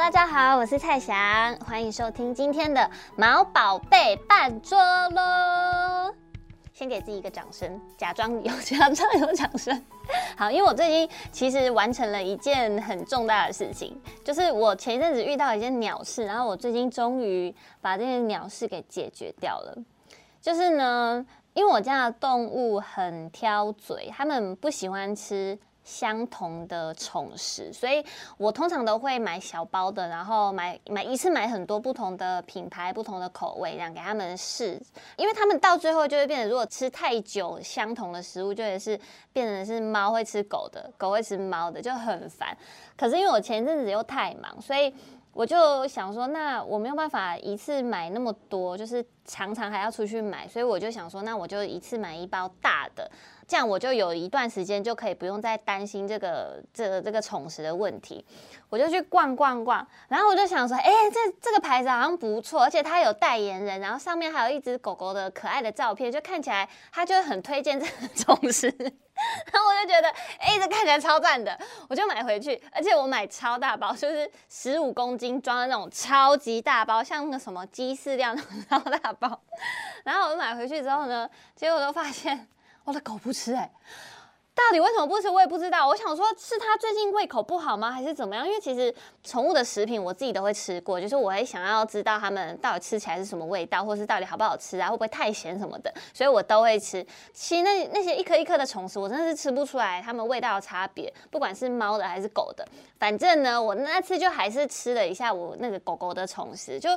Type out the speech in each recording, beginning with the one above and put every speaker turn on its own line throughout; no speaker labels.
大家好，我是蔡祥，歡迎收聽今天的《毛寶貝辦桌》咯。先給自己一個掌聲，假裝有，假裝有掌聲。好，因為我最近其實完成了一件很重大的事情，就是我前一陣子遇到一件鳥事，然後我最近終於把這件鳥事給解決掉了。就是呢，因為我家的動物很挑嘴，他們不喜歡吃。相同的寵食，所以我通常都會買小包的，然後買買一次買很多不同的品牌、不同的口味，這樣給他們試，因為他們到最後就會變得，如果吃太久相同的食物，就也是變成是貓會吃狗的，狗會吃貓的，就很煩。可是因為我前陣子又太忙，所以我就想說，那我沒有辦法一次買那麼多，就是。常常還要出去買，所以我就想說，那我就一次買一包大的，這樣我就有一段時間就可以不用再擔心這個這個這個寵食的問題。我就去逛逛逛，然後我就想說，哎、欸，這這個牌子好像不錯，而且它有代言人，然後上面還有一隻狗狗的可愛的照片，就看起來它就很推薦這個寵食。然後我就覺得，哎、欸，這看起來超讚的，我就買回去，而且我買超大包，就是十五公斤裝的那種超級大包，像那個什麼雞飼料那種超大包。然後我買回去之後呢，結果都發現我的狗不吃。哎、欸，到底為什麼不吃我也不知道。我想說是它最近胃口不好嗎，還是怎麼樣？因為其實寵物的食品我自己都會吃過，就是我還想要知道它們到底吃起來是什麼味道，或是到底好不好吃啊，會不會太鹹什麼的，所以我都會吃。其實那那些一顆一顆的寵食，我真的是吃不出來它們味道的差別，不管是貓的還是狗的。反正呢，我那次就還是吃了一下我那個狗狗的寵食，就。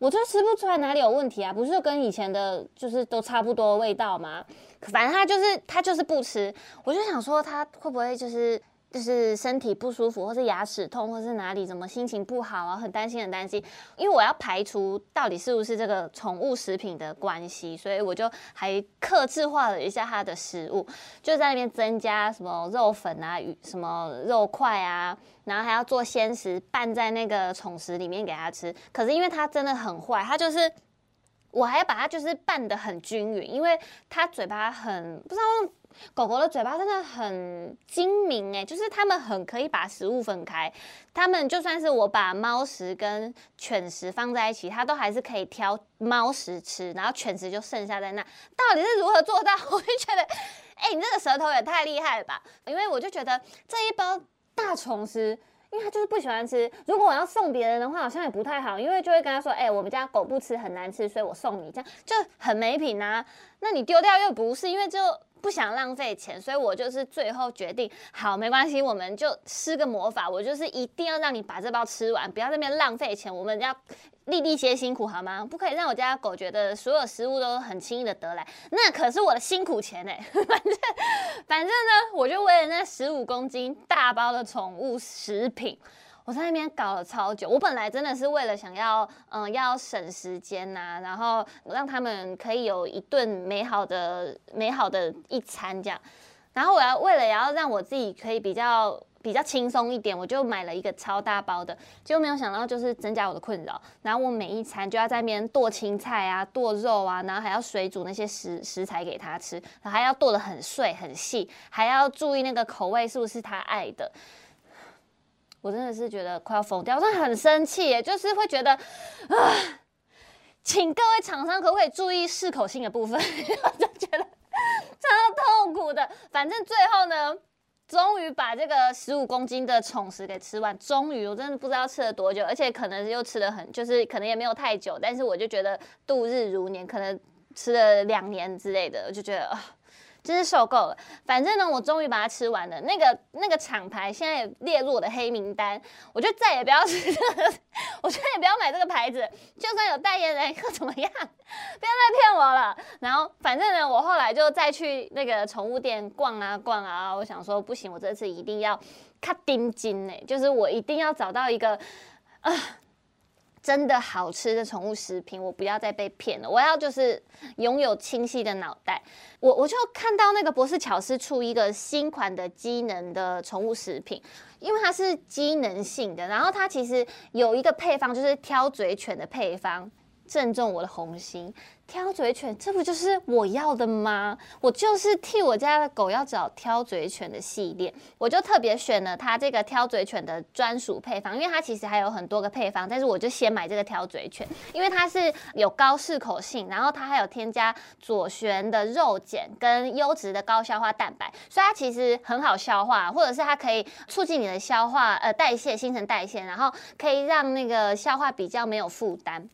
我就吃不出來哪裡有問題啊，不是跟以前的，就是都差不多的味道嗎？可反正他就是，他就是不吃，我就想說他會不會就是。就是身體不舒服，或是牙齒痛，或是哪裡怎麼心情不好啊，很擔心，很擔心。因為我要排除到底是不是這個寵物食品的關係，所以我就還客製化了一下它的食物，就在那邊增加什麼肉粉啊、魚什麼肉塊啊，然後還要做鮮食拌在那個寵食裡面給它吃。可是因為它真的很壞，它就是我還要把它就是拌得很均勻，因為它嘴巴很不知道。狗狗的嘴巴真的很精明哎，就是它們很可以把食物分開。它們就算是我把貓食跟犬食放在一起，它都還是可以挑貓食吃，然後犬食就剩下在那。到底是如何做到？我就覺得，哎，你這個舌頭也太厲害了吧！因為我就覺得這一包大蟲食，因為它就是不喜歡吃。如果我要送別人的話，好像也不太好，因為就會跟他說：“哎，我們家狗不吃，很難吃，所以我送你。”這樣就很沒品吶。那你丟掉又不是，因為就。不想浪費錢，所以我就是最後決定，好，沒關係，我們就施個魔法，我就是一定要讓你把這包吃完，不要在那邊浪費錢，我們要粒粒皆辛苦，好嗎？不可以讓我家狗覺得所有食物都很輕易的得來，那可是我的辛苦錢呢。反正反正呢，我就為了那十五公斤大包的寵物食品。我在那邊搞了超久，我本來真的是為了想要，嗯、呃，要省時間吶、啊，然後讓他們可以有一頓美好的、美好的一餐這樣，然後我要為了要讓我自己可以比較比較輕鬆一點，我就買了一個超大包的，結果沒有想到就是增加我的困擾，然後我每一餐就要在那邊剁青菜啊、剁肉啊，然後還要水煮那些食食材給他吃，然後還要剁得很碎很細，還要注意那個口味是不是他愛的。我真的是覺得快要瘋掉，我真的很生氣耶，就是會覺得啊，請各位廠商可不可以注意適口性的部分？ 我就覺得超痛苦的。反正最後呢，終於把這個十五公斤的寵食給吃完，終於我真的不知道吃了多久，而且可能又吃了很，就是可能也沒有太久，但是我就覺得度日如年，可能吃了兩年之類的，我就覺得啊。真是受夠了！反正呢，我終於把它吃完了。那個那個廠牌現在也列入我的黑名單，我就再也不要吃這個， 我就再也不要買這個牌子。就算有代言人又怎麼樣？ 不要再騙我了！然後反正呢，我後來就再去那個寵物店逛啊逛啊，啊，我想說不行，我這次一定要卡丁金呢，就是我一定要找到一個啊。真的好吃的寵物食品，我不要再被騙了。我要就是擁有清晰的腦袋。我我就看到那個博士巧思出一個新款的機能的寵物食品，因為它是機能性的，然後它其實有一個配方，就是挑嘴犬的配方。正中我的紅心，挑嘴犬，這不就是我要的嗎？我就是替我家的狗要找挑嘴犬的系列，我就特別選了它這個挑嘴犬的專屬配方，因為它其實還有很多個配方，但是我就先買這個挑嘴犬，因為它是有高適口性，然後它還有添加左旋的肉鹼跟優質的高消化蛋白，所以它其實很好消化，或者是它可以促進你的消化，呃、代謝，新陳代謝，然後可以讓那個消化比較沒有負擔。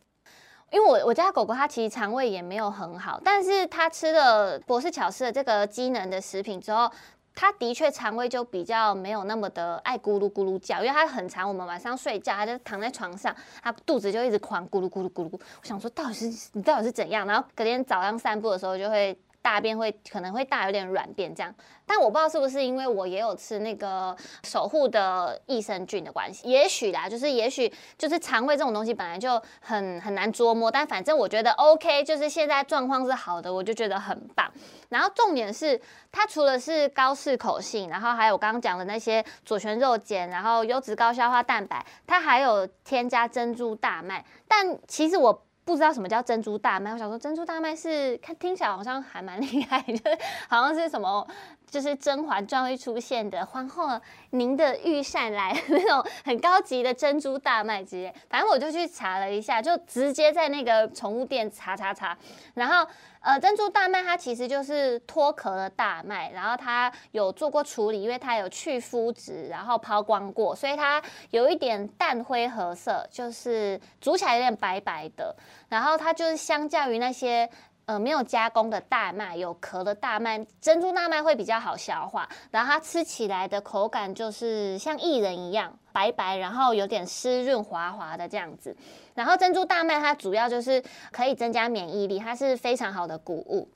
因為我我家狗狗它其實腸胃也沒有很好，但是它吃了博士巧思的這個機能的食品之後，它的確腸胃就比較沒有那麼的愛咕嚕咕嚕叫，因為它很饞，我們晚上睡覺它就躺在床上，它肚子就一直狂咕嚕咕嚕咕嚕咕嚕。我想說到底是你到底是怎樣，然後隔天早上散步的時候就會。大便會可能會大有點軟便這樣，但我不知道是不是因為我也有吃那個守護的益生菌的關係，也許啦，就是也許就是腸胃這種東西本來就很很難捉摸，但反正我覺得 OK，就是現在狀況是好的，我就覺得很棒。然後重點是它除了是高適口性，然後還有我剛剛講的那些左旋肉鹼，然後優質高消化蛋白，它還有添加珍珠大麥，但其實我。不知道什麼叫珍珠大麥，我想說珍珠大麥是，看，聽起來好像還蠻厲害，就是好像是什麼。就是《甄嬛傳》會出現的皇後，您的御膳來那種很高級的珍珠大麥，直接反正我就去查了一下，就直接在那個寵物店查查查。然後，呃，珍珠大麥它其實就是脫殼的大麥，然後它有做過處理，因為它有去麩質，然後拋光過，所以它有一點淡灰褐色，就是煮起來有點白白的。然後它就是相較於那些。呃，沒有加工的大麥，有殼的大麥，珍珠大麥會比較好消化。然後它吃起來的口感就是像薏仁一樣白白，然後有點濕潤滑滑的這樣子。然後珍珠大麥它主要就是可以增加免疫力，它是非常好的穀物。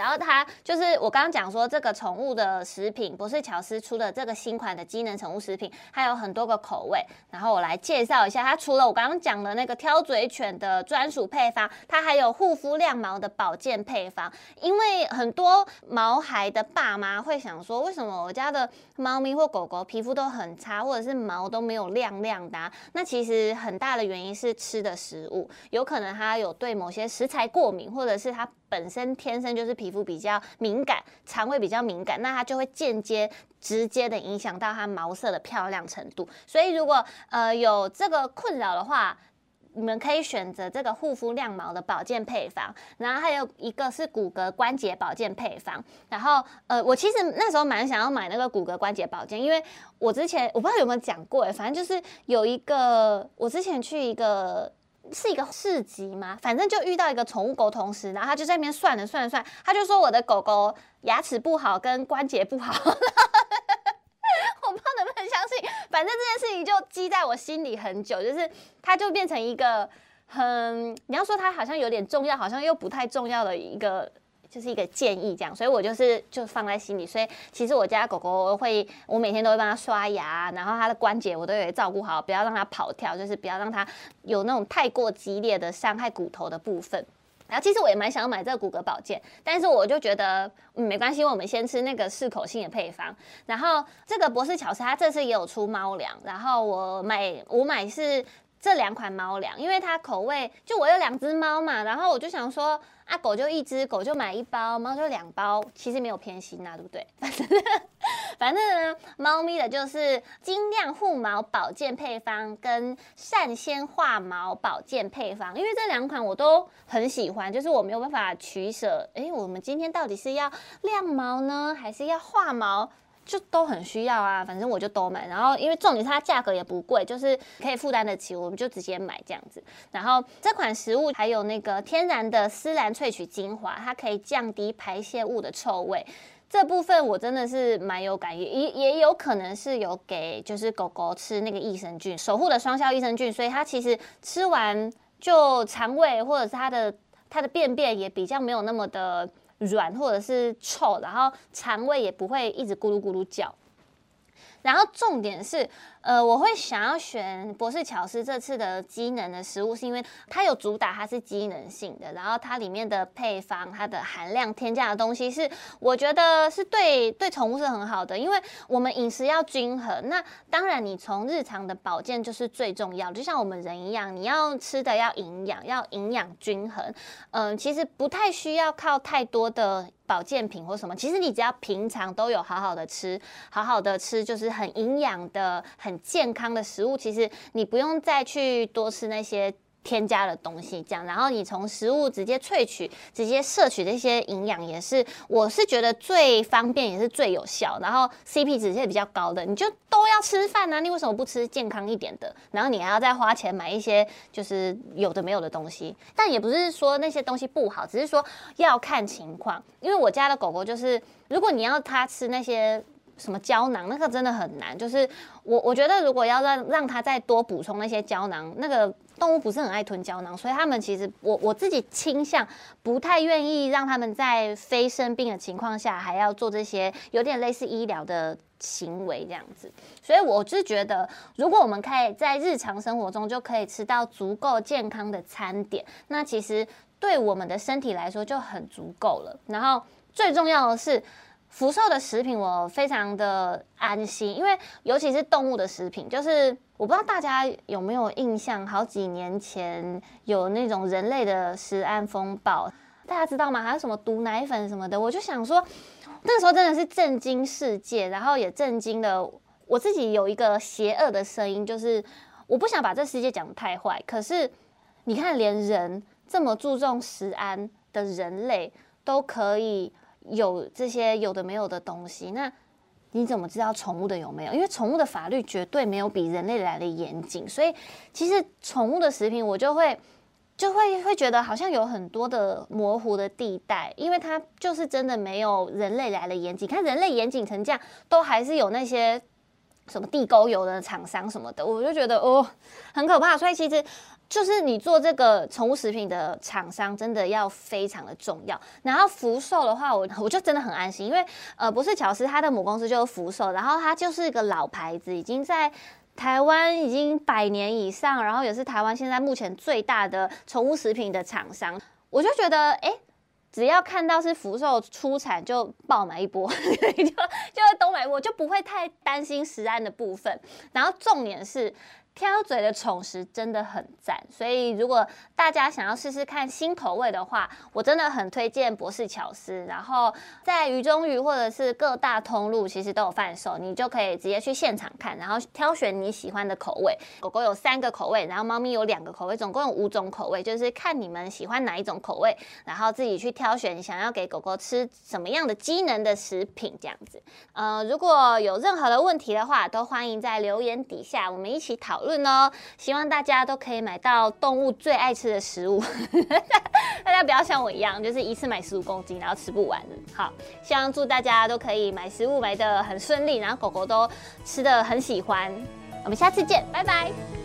然後它就是我剛剛講說，這個寵物的食品不是喬思出的這個新款的機能寵物食品，它有很多個口味。然後我來介紹一下，它除了我剛剛講的那個挑嘴犬的專屬配方，它還有護膚亮毛的保健配方。因為很多毛孩的爸媽會想說，為什麼我家的貓咪或狗狗皮膚都很差，或者是毛都沒有亮亮的啊？那其實很大的原因是吃的食物，有可能它有對某些食材過敏，或者是它。本身天生就是皮膚比較敏感，腸胃比較敏感，那它就會間接、直接的影響到它毛色的漂亮程度。所以如果呃有這個困擾的話，你們可以選擇這個護膚亮毛的保健配方，然後還有一個是骨骼關節保健配方。然後呃，我其實那時候蠻想要買那個骨骼關節保健，因為我之前我不知道有沒有講過，欸，誒，反正就是有一個我之前去一個。是一個市集嗎？反正就遇到一個寵物狗，同時，然後他就在那邊算了算了。算，他就說我的狗狗牙齒不好，跟關節不好，呵呵呵。我不知道能不能相信，反正這件事情就記在我心裡很久，就是它就變成一個很……你要說它好像有點重要，好像又不太重要的一個。就是一個建議這樣，所以我就是就放在心裡。所以其實我家狗狗會，我每天都會幫它刷牙，然後它的關節我都有照顧好，不要讓它跑跳，就是不要讓它有那種太過激烈的傷害骨頭的部分。然後其實我也蠻想要買這個骨骼保健，但是我就覺得，嗯，沒關係，因為我們先吃那個適口性的配方。然後這個博士巧思它這次也有出貓糧，然後我買我買是。這兩款貓糧，因為它口味，就我有兩隻貓嘛，然後我就想說，啊狗就一隻，狗就買一包，貓就兩包，其實沒有偏心吶、啊，對不對？反正呢，反正呢貓咪的就是精亮護毛保健配方跟善先化毛保健配方，因為這兩款我都很喜歡，就是我沒有辦法取捨。哎，我們今天到底是要亮毛呢，還是要化毛？就都很需要啊，反正我就都買。然後因為重點是它價格也不貴，就是可以負擔得起，我們就直接買這樣子。然後這款食物還有那個天然的絲蘭萃取精華，它可以降低排泄物的臭味。這部分我真的是蠻有感應，也也有可能是有給就是狗狗吃那個益生菌守護的雙效益生菌，所以它其實吃完就腸胃或者是它的它的便便也比較沒有那麼的。軟或者是臭，然後腸胃也不會一直咕嚕咕嚕叫。然後重點是，呃，我會想要選博士巧思這次的機能的食物，是因為它有主打它是機能性的，然後它裡面的配方、它的含量、添加的東西是，我覺得是對對寵物是很好的，因為我們飲食要均衡。那當然，你從日常的保健就是最重要，就像我們人一樣，你要吃的要營養，要營養均衡。嗯、呃，其實不太需要靠太多的保健品或什麼，其實你只要平常都有好好的吃，好好的吃就是。很營養的、很健康的食物，其實你不用再去多吃那些添加的東西。這樣，然後你從食物直接萃取、直接攝取這些營養，也是我是覺得最方便，也是最有效。然後 CP 值是比較高的，你就都要吃飯啊？你為什麼不吃健康一點的？然後你還要再花錢買一些就是有的沒有的東西。但也不是說那些東西不好，只是說要看情況。因為我家的狗狗就是，如果你要它吃那些。什麼膠囊？那個真的很難。就是我，我覺得如果要讓讓他再多補充那些膠囊，那個動物不是很愛吞膠囊，所以他們其實我我自己傾向不太願意讓他們在非生病的情況下還要做這些有點類似醫療的行為，這樣子。所以我就覺得，如果我們可以在日常生活中就可以吃到足夠健康的餐點，那其實對我們的身體來說就很足夠了。然後最重要的是，福壽的食品我非常的安心，因為尤其是動物的食品，就是我不知道大家有沒有印象，好幾年前有那種人類的食安風暴，大家知道嗎？還有什麼毒奶粉什麼的，我就想說，那個時候真的是震驚世界，然後也震驚的我自己有一個邪惡的聲音，就是我不想把這世界講得太壞，可是你看，連人這麼注重食安的人類都可以，有這些有的沒有的東西，那你怎麼知道寵物的有沒有？因為寵物的法律絕對沒有比人類來的嚴謹，所以其實寵物的食品我就會就會會覺得好像有很多的模糊的地帶，因為它就是真的沒有人類來的嚴謹。看人類嚴謹成這樣，都還是有那些什麼地溝油的廠商什麼的，我就覺得哦很可怕。所以其實。就是你做這個寵物食品的廠商，真的要非常的重要。然後福壽的話，我我就真的很安心，因為呃，博士巧思，他的母公司就是福壽，然後它就是一個老牌子，已經在台灣已經百年以上，然後也是台灣現在目前最大的寵物食品的廠商。我就覺得，哎，只要看到是福壽出產，就爆買一波， 就就都買，我就不會太擔心食安的部分。然後重點是。挑嘴的寵食真的很讚，所以如果大家想要試試看新口味的話，我真的很推薦博士喬斯。然後在魚中魚或者是各大通路其實都有販售，你就可以直接去現場看，然後挑選你喜歡的口味。狗狗有三個口味，然後貓咪有兩個口味，總共有五種口味，就是看你們喜歡哪一種口味，然後自己去挑選想要給狗狗吃什麼樣的機能的食品這樣子。呃，如果有任何的問題的話，都歡迎在留言底下我們一起討論哦，希望大家都可以買到動物最愛吃的食物。 大家不要像我一樣，就是一次買十五公斤，然後吃不完。好，希望祝大家都可以買食物買得很順利，然後狗狗都吃得很喜歡。我們下次見，拜拜。